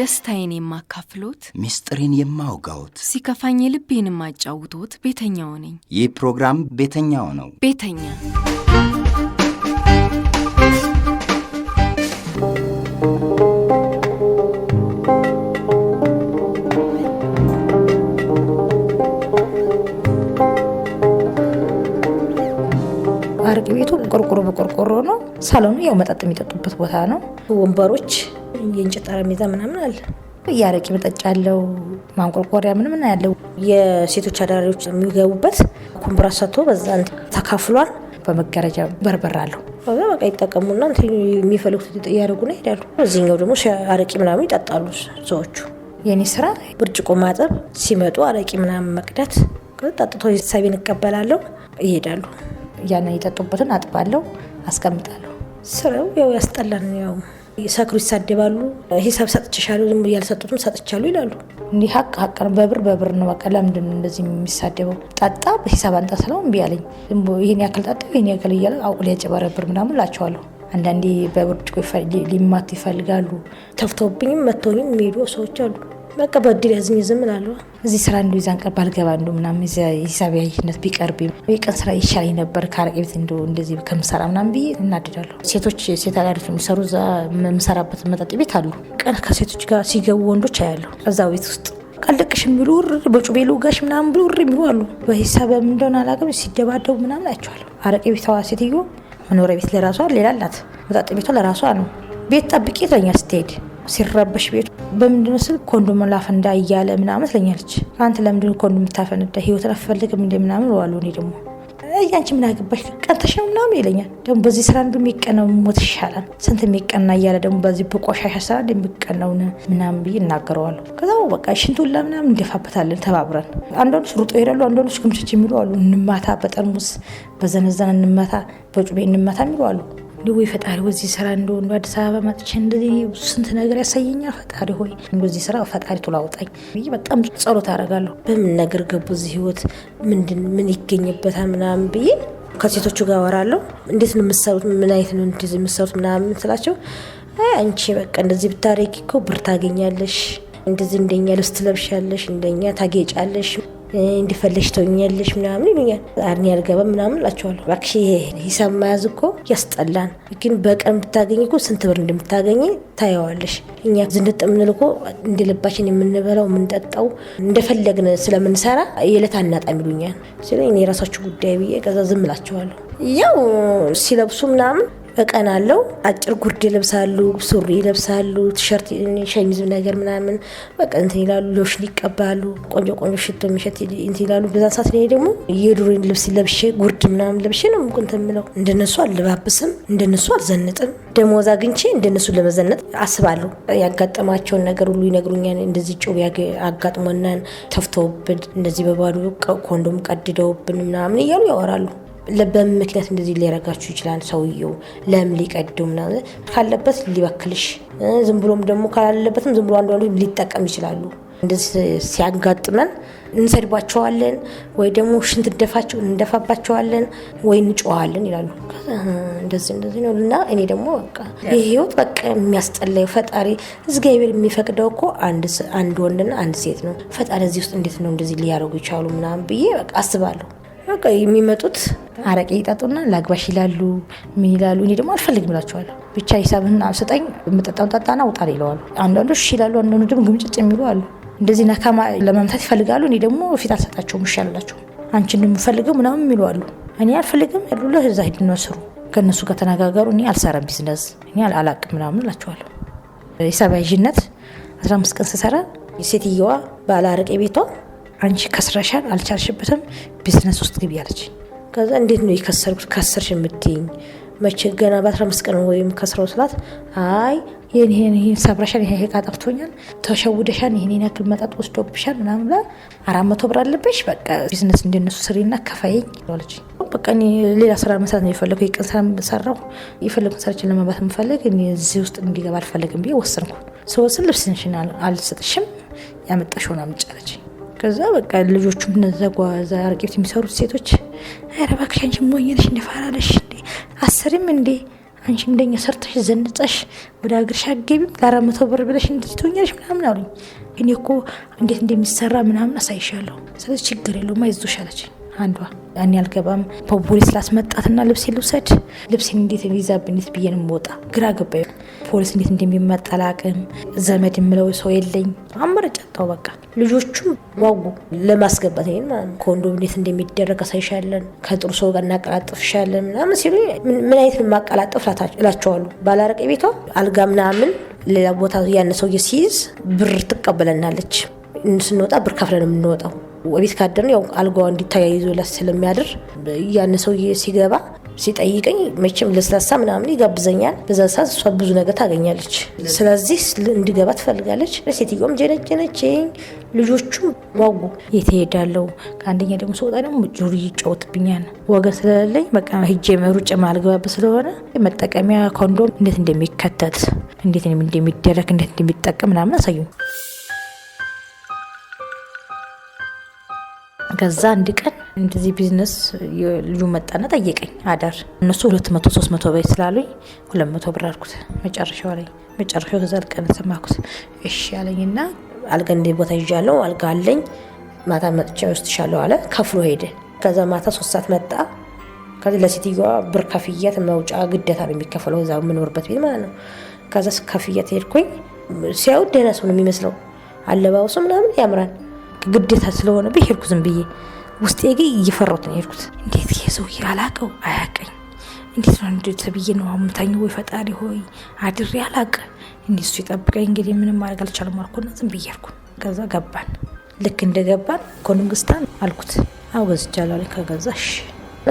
ደስታዬን የማካፍሎት፣ ምስጢሬን የማውጋዎት፣ ሲከፋኝ ልቤን የማጫውቶት ቤተኛው ነኝ። ይህ ፕሮግራም ቤተኛው ነው። ቤተኛ ቤቱ ቆርቆሮ በቆርቆሮ ነው። ሳሎኑ ያው መጠጥ የሚጠጡበት ቦታ ነው። ወንበሮች የእንጨት ጠረጴዛ ምናምን አለ። እያረቂ መጠጫ አለው። ማንቆርቆሪያ ምን ምን ያለው የሴቶች አዳሪዎች የሚገቡበት ኩምብራ ሰቶ በዛ ተካፍሏል። በመጋረጃ በርበር አለው። በዛ በቃ ይጠቀሙና የሚፈልጉት እያደረጉ እያደረጉና ይሄዳሉ። እዚህኛው ደግሞ አረቂ ምናምን ይጠጣሉ ሰዎቹ። የኔ ስራ ብርጭቆ ማጠብ፣ ሲመጡ አረቂ ምናምን መቅዳት፣ ጠጥቶ ሳቢን እቀበላለሁ፣ ይሄዳሉ። ያንን የጠጡበትን አጥባለሁ፣ አስቀምጣለሁ። ስራው ያው ያስጠላን ያው ሰክሩ ይሳደባሉ። ሂሳብ ሰጥችሻለሁ፣ ዝም ብዬ ያልሰጡትም ይላሉ። እንዲህ ሀቅ ሀቅ ነው። በብር በብር ነው። በቃ ለምንድን እንደዚህ የሚሳደበው? ጠጣ በሂሳብ አንጣ ስለው እምቢ አለኝ። ይህን ያክል ጠጣ፣ ይህን ያክል እያለ አውቁ ሊያጨበረብር ምናምን ላቸዋለሁ። አንዳንዴ በብርጭቆ ሊማት ይፈልጋሉ። ተፍተውብኝም መተውኝም የሚሄዱ ሰዎች አሉ። በቃ በድል ያዝኝ ዝም ላሉ እዚህ ስራ እንዱ ይዛን ቀር ባልገባ እንዱ ምናም ሂሳብ ያይነት ቢቀርብ የቀን ስራ ይሻለኝ ነበር ከአረቄ ቤት እንዱ እንደዚህ ከምሰራ ምናም ብዬ እናድዳለሁ። ሴቶች ሴት አዳሪፍ የሚሰሩ እዛ የምሰራበት መጠጥ ቤት አሉ። ቀን ከሴቶች ጋር ሲገቡ ወንዶች አያለሁ እዛ ቤት ውስጥ ቀልቅሽ የሚሉ በጩቤ ልውጋሽ ምናምን ብሎ ውር የሚሉ አሉ። በሂሳብ እንደሆነ አላውቅም ሲደባደቡ ምናምን አይቼዋለሁ። አረቄ ቤቷ ሴትዮ መኖሪያ ቤት ለራሷ ሌላ ናት፣ መጠጥ ቤቷ ለራሷ ነው። ቤት ጠብቄ ተኛ ስትሄድ ሲረበሽ ቤቱ በምንድነው ስል ኮንዶም ላፈንዳ እያለ ምናምን ትለኛለች። አንተ ለምንድን ኮንዶም የምታፈንዳ ህይወትን አትፈልግም እንደ ምናምን እለዋለሁ። እኔ ደግሞ እያንቺ ምን አገባሽ ቀንተሽ ነው ምናምን ይለኛል። ደግሞ በዚህ ስራ እንደሚቀነው ሞት ይሻላል ስንት የሚቀና እያለ ደግሞ በዚህ በቆሻሻ ስራ እንደሚቀነውን ምናምን ብዬ እናገረዋለሁ። ከዛ በቃ ሽንቱላ ምናምን እንደፋበታለን ተባብረን። አንዳንዶች ሩጦ ይሄዳሉ፣ አንዳንዶች ክምችች የሚሉ አሉ። እንማታ በጠርሙስ በዘነዘነ እንመታ፣ በጩቤ እንመታ የሚሉ አሉ። ልዊ ፈጣሪ ወዚህ ስራ ወንዱ አዲስ አበባ መጥቼ እንደዚህ ስንት ነገር ያሳየኛል። ፈጣሪ ሆይ ወዚህ ስራ ፈጣሪ ቱላውጣኝ አውጣኝ ብዬ በጣም ጸሎት አደርጋለሁ። በምን ነገር ገቡ እዚህ ህይወት ምንድን ምን ይገኝበታል ምናምን ብዬ ከሴቶቹ ጋር ወራለሁ። እንዴት ነው የምትሰሩት? ምን አይነት ነው እንደዚህ የምትሰሩት ምናምን ስላቸው አንቺ በቃ እንደዚህ ብታረጊ እኮ ብር ታገኛለሽ፣ እንደዚህ እንደኛ ልብስ ትለብሻለሽ፣ እንደኛ ታጌጫለሽ እንዲፈለሽ ተኛለሽ ምናምን ይሉኛል። አርኒ አልገባም ምናምን እላቸዋለሁ። እባክሽ ይሄ ሂሳብ መያዝ እኮ ያስጠላን። ግን በቀን ብታገኝ እኮ ስንት ብር እንደምታገኝ ታየዋለሽ። እኛ ዝንጥ ምንል እኮ እንደ ልባችን የምንበላው የምንጠጣው እንደፈለግን ስለምንሰራ የዕለት አናጣም ይሉኛል። ስለ እኔ የራሳችሁ ጉዳይ ብዬ ከዛ ዝም እላቸዋለሁ። ያው ሲለብሱ ምናምን እቀን አለው። አጭር ጉርድ ይለብሳሉ፣ ሱሪ ይለብሳሉ፣ ቲሸርት፣ ሸሚዝ ነገር ምናምን በቃ እንትን ይላሉ። ሎሽን ይቀባሉ፣ ቆንጆ ቆንጆ ሽቶ የሚሸት እንትን ይላሉ። በዛን ሰዓት ላይ ደግሞ የድሮ ልብስ ለብሼ ጉርድ ምናምን ለብሼ ነው እንትን የምለው። እንደነሱ አልለባብስም፣ እንደነሱ አልዘንጥም። ደሞዝ አግኝቼ እንደነሱ ለመዘነጥ አስባለሁ። ያጋጠማቸውን ነገር ሁሉ ይነግሩኛል። እንደዚህ ጭው አጋጥሞናን ተፍተውብን፣ እንደዚህ በባዶ ኮንዶም ቀድደውብን ምናምን እያሉ ያወራሉ። በምን ምክንያት እንደዚህ ሊያረጋችሁ ይችላል? ሰውየው ለም ሊቀደው ምናምን ካለበት ሊበክልሽ፣ ዝም ብሎም ደግሞ ካላለበትም ዝም ብሎ አንዱ ሊጠቀም ይችላሉ። እንደዚህ ሲያጋጥመን እንሰድባቸዋለን ወይ ደግሞ ሽንት ደፋቸው እንደፋባቸዋለን ወይ እንጨዋለን ይላሉ። እንደዚህ እንደዚህ ነው እና እኔ ደግሞ በቃ ይህ ህይወት በቃ የሚያስጠላው ፈጣሪ እግዚአብሔር የሚፈቅደው እኮ አንድ ወንድና አንድ ሴት ነው። ፈጣሪ እዚህ ውስጥ እንዴት ነው እንደዚህ ሊያደርጉ ይቻሉ ምናምን ብዬ በቃ አስባለሁ። በቃ የሚመጡት አረቄ ይጠጡና ላግባሽ ይላሉ። ምን ይላሉ? እኔ ደግሞ አልፈልግም እላቸዋለሁ። ብቻ ሂሳብህን ስጠኝ፣ የምጠጣውን ጠጣና ውጣ ይለዋሉ። አንዳንዶች ይላሉ፣ አንዳንዱ ደግሞ ግምጭጭ የሚሉ አሉ። እንደዚህ ነካማ ለመምታት ይፈልጋሉ። እኔ ደግሞ ፊት አልሰጣቸውም፣ ይሻላላቸው አንቺ እንደምፈልገው ምናምን የሚሉ አሉ። እኔ አልፈልግም ያሉለ እዛ ሂድ ስሩ፣ ከእነሱ ጋር ተነጋገሩ። እኔ አልሰራም ቢዝነስ እኔ አላቅም ምናምን እላቸዋለሁ። ሂሳብ ያዥነት 15 ቀን ስሰራ ሴትየዋ ባለ አረቄ ቤቷ አንቺ ከስረሻል፣ አልቻልሽበትም፣ ቢዝነስ ውስጥ ግቢ አለች። ከዛ እንዴት ነው የከሰርኩት ከስርሽ የምትይኝ መቼ ገና በአስራ አምስት ቀን ወይም ከስረው ስላት፣ አይ ይህን ይህን ሰብረሻል፣ ይህ ዕቃ ጠፍቶኛል፣ ተሸውደሻን ይህን ያክል መጠጥ ወስዶብሻል ምናምን ብላ አራት መቶ ብር አለበሽ፣ በቃ ቢዝነስ እንደነሱ ስሪና ከፋይኝ ለች በቃ ሌላ ስራ መስራት ነው የፈለግ የቀን ስራ ሰራሁ የፈለግ ሰርችን ለመባት የምፈልግ እዚህ ውስጥ እንዲገባ አልፈልግም ብዬ ወሰንኩ። ስወስን ልብስንሽን አልሰጥሽም፣ ያመጣሽውን አምጪ ከዛ በቃ ልጆቹ እነዛ ጓዛ አርቄት የሚሰሩት ሴቶች ኧረ እባክሽ አንቺ ሞኝነሽ እንደፋራለሽ እንዴ አስሪም እንዴ አንቺ እንደኛ ሰርተሽ ዘንጠሽ ወደ ሀገርሽ አትገቢም ለአራት መቶ ብር ብለሽ እንደዚህ ምናምን አሉኝ። እኔ እኮ እንዴት እንደሚሰራ ምናምን አሳይሻለሁ። ስለዚህ ችግር የለውም አይዞሽ አለችኝ። አንዷ እኔ አልገባም። ፖሊስ ላስመጣትና ልብሴ ልውሰድ ልብሴን እንዴት ሊዛብ እንዴት ብዬ ነው የምወጣ? ግራ ገባ ፖሊስ እንዴት እንደሚመጠላቅም ዘመድ የምለው ሰው የለኝ። አመረጫጣው በቃ ልጆቹም ዋጉ ለማስገባት ይሄን ማለት እንዴት እንደሚደረግ አሳይሻለን፣ ከጥሩ ሰው ጋር እናቀላጥፍሻለን ምናምን ሲሉ ምን አይነት ማቀላጠፍ እላቸዋሉ ባላረቀ ቤቷ አልጋ ምናምን ሌላ ቦታ ያነ ሰውዬ ሲይዝ ብር ትቀበለናለች። ስንወጣ ብር ከፍለን የምንወጣው ቤት ካደር ያው አልጋዋ እንዲተያይዞ ለስ ስለሚያድር ያን ሰውዬ ሲገባ ሲጠይቀኝ መቼም ለስላሳ ምናምን ይጋብዘኛል። በዛ ሰዓት እሷ ብዙ ነገር ታገኛለች። ስለዚህ እንድገባ ትፈልጋለች። ሴትዮም ጀነጀነችኝ። ልጆቹም ዋጉ የት እሄዳለሁ። ከአንደኛ ደግሞ ሰወጣ ደግሞ ጆሮ ይጫወትብኛል። ወገን ስለሌለኝ በቃ ሂጄ ሩጬ ማልገባበት ስለሆነ መጠቀሚያ ኮንዶም እንዴት እንደሚከተት እንዴት እንደሚደረግ እንዴት እንደሚጠቀም ምናምን አሳዩኝ። ከዛ አንድ ቀን እንደዚህ ቢዝነስ ልጁ መጣና ጠየቀኝ አዳር እነሱ ሁለት መቶ ሶስት መቶ በይ ስላሉኝ ሁለት መቶ ብር አልኩት መጨረሻው ላይ መጨረሻው ከዛ ልቀን ሰማኩት እሺ አለኝና አልጋ እንደ ቦታ ይዣለው አልጋ አለኝ ማታ መጥቼ ወስድሻለሁ አለ ከፍሎ ሄደ ከዛ ማታ ሶስት ሰዓት መጣ ከዚህ ለሴትዮዋ ብር ከፍያት መውጫ ግደታ ነው የሚከፈለው እዛ የምኖርበት ቤት ማለት ነው ከዛ ከፍያት ሄድኩኝ ሲያዩት ደህና ሰው ነው የሚመስለው አለባበሱ ምናምን ያምራል ግዴታ ስለሆነ ሄድኩ ዝም ብዬ። ውስጤ ግን እየፈራሁት ነው የሄድኩት። እንዴት ይሄ ሰውዬ አላቀው አያቀኝ እንዴት ነው እንዴት ብዬ ነው አምታኝ? ወይ ፈጣሪ ሆይ አድሬ አላቀ እንዴት እሱ ይጠብቀኝ። እንግዲህ ምንም ማድረግ አልቻለም አልኩና ዝም ብዬ አልኩ። ከዛ ገባን። ልክ እንደገባን ኮንግስታን አልኩት አው ገዝቻለሁ። ከገዛ እሺ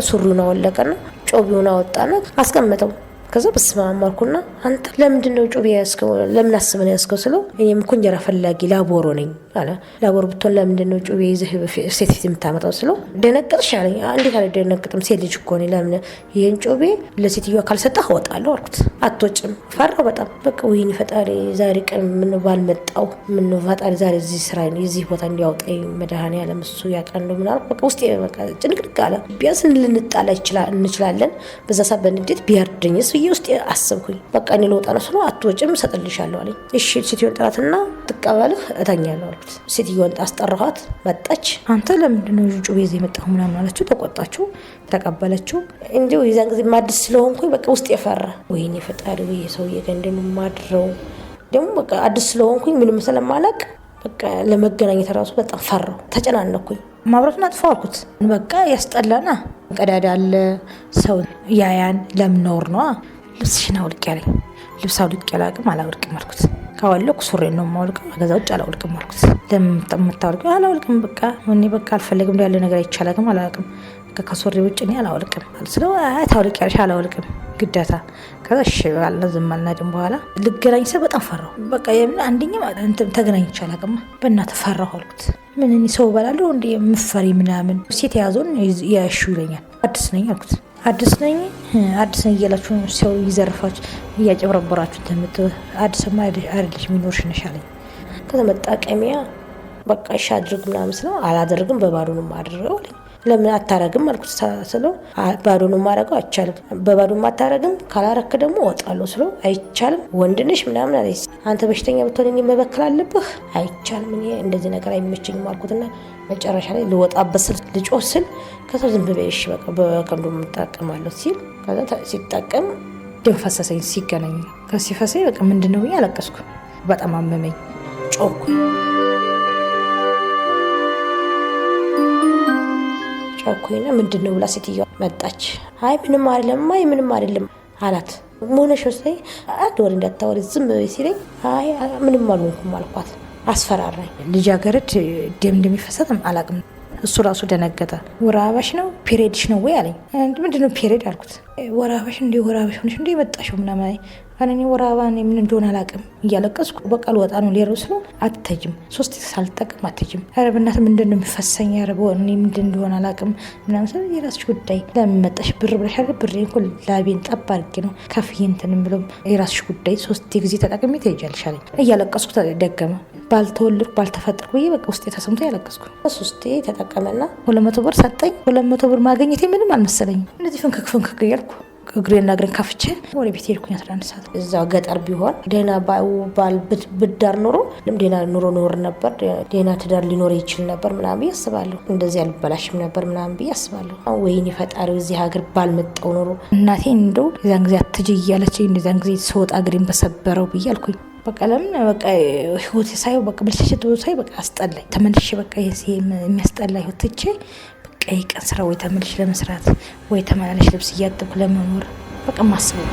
ሱሪውን አወለቀና ጮቢውን አወጣና አስቀመጠው። ከዛ በስማማርኩና አንተ ለምንድን ነው ጮቢ ያስከው ለምን አስበን ያስከው ስለው እኔም እኮ እንጀራ ፈላጊ ላቦሮ ነኝ አለ። ዳጎር ለምንድን ነው ጩቤ ይዘህ ሴት ፊት የምታመጣው ስለው ደነገጥሽ አለኝ። እንዴት አልደነግጥም? ሴት ልጅ እኮ ነኝ። ለምን ይህን ጩቤ ለሴትዮዋ ካልሰጠህ እወጣለሁ አልኩት። አትወጭም። ፈራሁ በጣም በቃ። ወይኔ ፈጣሪ፣ ዛሬ ቀን ምን ባልመጣው ምን ፈጣሪ ዛሬ እዚህ ስራ እዚህ ቦታ እንዲያውጣኝ መድኃኔዓለም እሱ ያውቃል ምናል በቃ ውስጤ በቃ ጭንቅንቅ አለ። ቢያንስ ልንጣላ እንችላለን፣ በዛ ሰዓት በንዴት ቢያርደኝስ ብዬ ውስጤ አስብኩኝ በቃ እኔ ልወጣ ነው ስለው አትወጭም፣ እሰጥልሻለሁ አለኝ። እሺ ሴትዮን ጥራትና ትቀበልህ እተኛለሁ አልኩት። ያልኩት። ሴትዮዋን አስጠራኋት፣ መጣች። አንተ ለምንድነው ጩቤ ይዘህ የመጣሁ ምናምን አለችው። ተቆጣችው፣ ተቀበለችው። እንዲሁ የዛን ጊዜ ማድስ ስለሆንኩኝ በቃ ውስጥ የፈራ ወይኔ ፈጣሪ ወይ ሰው ጋር ማድረው ደግሞ በቃ አዲስ ስለሆንኩኝ ምንም ስለማላቅ በቃ ለመገናኘት ራሱ በጣም ፈራው፣ ተጨናነኩኝ። ማብራቱን አጥፋው አልኩት። በቃ ያስጠላና ቀዳዳ አለ ሰው ያያን ለምኖር ነዋ ልብስሽን አውልቅ ያለኝ ልብስ አውልቄ ያላቅም አላወልቅም አልኩት። ካወለኩ ሱሬ ነው የማወልቀው፣ ከዛ ውጭ አላወልቅም አልኩት። ለምታወልቀው አላወልቅም፣ በቃ እኔ በቃ አልፈለግም ያለ ነገር አይቻላቅም፣ አላቅም፣ ከሱሪ ውጭ እኔ አላወልቅም ስለው ታውልቂያለሽ አላወልቅም ግዴታ ከዛ እሺ አለ ዝም አልና ድን በኋላ ልገናኝ ስል በጣም ፈራሁ። በቃ የምን አንደኛ ተገናኝቼ አላውቅም በእናትህ ፈራሁ አልኩት። ምን ሰው እበላለሁ እንደ የምፈሪ ምናምን ሴት የያዘውን ያሹ ይለኛል አዲስ ነኝ አልኩት። አዲስ ነኝ አዲስ ነኝ እያላችሁ ሰው እየዘረፋችሁ እያጨበረበራችሁ ተምት አዲስማ አይደለች የሚኖርሽ ነሽ አለኝ። ከዛ በቃ እሺ አድርግ ምናምን ስለው አላደርግም በባዶ ነው የማደርገው አለኝ። ለምን አታረግም አልኩት ስለው ባዶ ነው ማረገው አይቻልም። በባዶ አታረግም ካላረክ ደግሞ እወጣለሁ ስለው አይቻልም ወንድንሽ ምናምን አለ። አንተ በሽተኛ ብትሆን እኔ መበከል አለብህ አይቻልም፣ እኔ እንደዚህ ነገር አይመቸኝም አልኩትና መጨረሻ ላይ ልወጣበት ስል ልጮ ስል ከዛ ዝም ብዬ እሺ በቃ በቀንዶ የምጠቀማለሁ ሲል ከዛ ሲጠቀም ደም ፈሰሰኝ ሲገናኝ ከሲፈሰኝ በቃ ምንድን ነው ብዬ አለቀስኩ። በጣም አመመኝ ጮኩኝ። ጮኩኝና ምንድን ነው ብላ ሴትዮዋ መጣች። አይ ምንም አይደለም፣ አይ ምንም አይደለም አላት። መሆነሽ ወስደኝ አንድ ወር እንዳታወሪ ዝም ሲለኝ አይ ምንም አልሆንኩም አልኳት። አስፈራራኝ። ልጃገረድ ደም እንደሚፈሰትም አላቅም። እሱ ራሱ ደነገጠ። ወራባሽ ነው ፔሬድሽ ነው ወይ አለኝ። ምንድነው ፔሬድ አልኩት። ወራባሽ እንዲ ወራባሽ አበባሽ ሆነሽ እንዲ መጣሽው ምናምን እኔ ወራባ አበባን የምን እንደሆነ አላውቅም እያለቀስኩ በቃ ልወጣ ነው ሌረው ስለው አትተጅም ሶስት ሳልጠቅም አትተጅም ኧረ በእናትህ ምንድን ነው የሚፈሰኝ ኧረ እኔ ምንድን እንደሆነ አላውቅም ምናምን ስለው የራስሽ ጉዳይ ለምን መጣሽ ብር ብለሽ አይደል ብሬ እኮ ላቤን ጠብ አድርጌ ነው ከፍዬ እንትን ብለው የራስሽ ጉዳይ ሶስት ጊዜ ተጠቅሜ ትሄጃለሽ አለኝ እያለቀስኩ ደገመ ባልተወለድኩ ባልተፈጠርኩ ብዬ በቃ ውስጤ ተሰምቶ ያለቀስኩ ውስጤ ተጠቀለላ ሁለት መቶ ብር ሰጠኝ ሁለት መቶ ብር ማገኘቴ ምንም አልመሰለኝም እንደዚህ ፍንክክ ፍንክክ እያልኩ እግሬና እግሬን ከፍቼ ወደ ቤት ሄድኩኝ። አስራ አንድ እዛ ገጠር ቢሆን ደህና ባል ብዳር ኖሮ ደህና ኑሮ ኖር ነበር፣ ደህና ትዳር ሊኖር ይችል ነበር ምናምን ብዬ አስባለሁ። እንደዚህ አልበላሽም ነበር ምናምን ብዬ አስባለሁ። ወይኔ ፈጣሪ እዚህ ሀገር ባልመጣው ኖሮ እናቴ እንደው የዛን ጊዜ አትጅ እያለች የዛን ጊዜ ስወጣ እግሬን በሰበረው ብዬ አልኩኝ። በቃ ህይወት ሳይ በቃ ብልሽሽት ሳይ በቃ አስጠላኝ። ተመልሼ በቃ የሚያስጠላ ህይወት ትቼ ቀይ ቀን ስራ ወይ ተመልሽ ለመስራት ወይ ተመላለሽ ልብስ እያጠብኩ ለመኖር በቃ ማስበው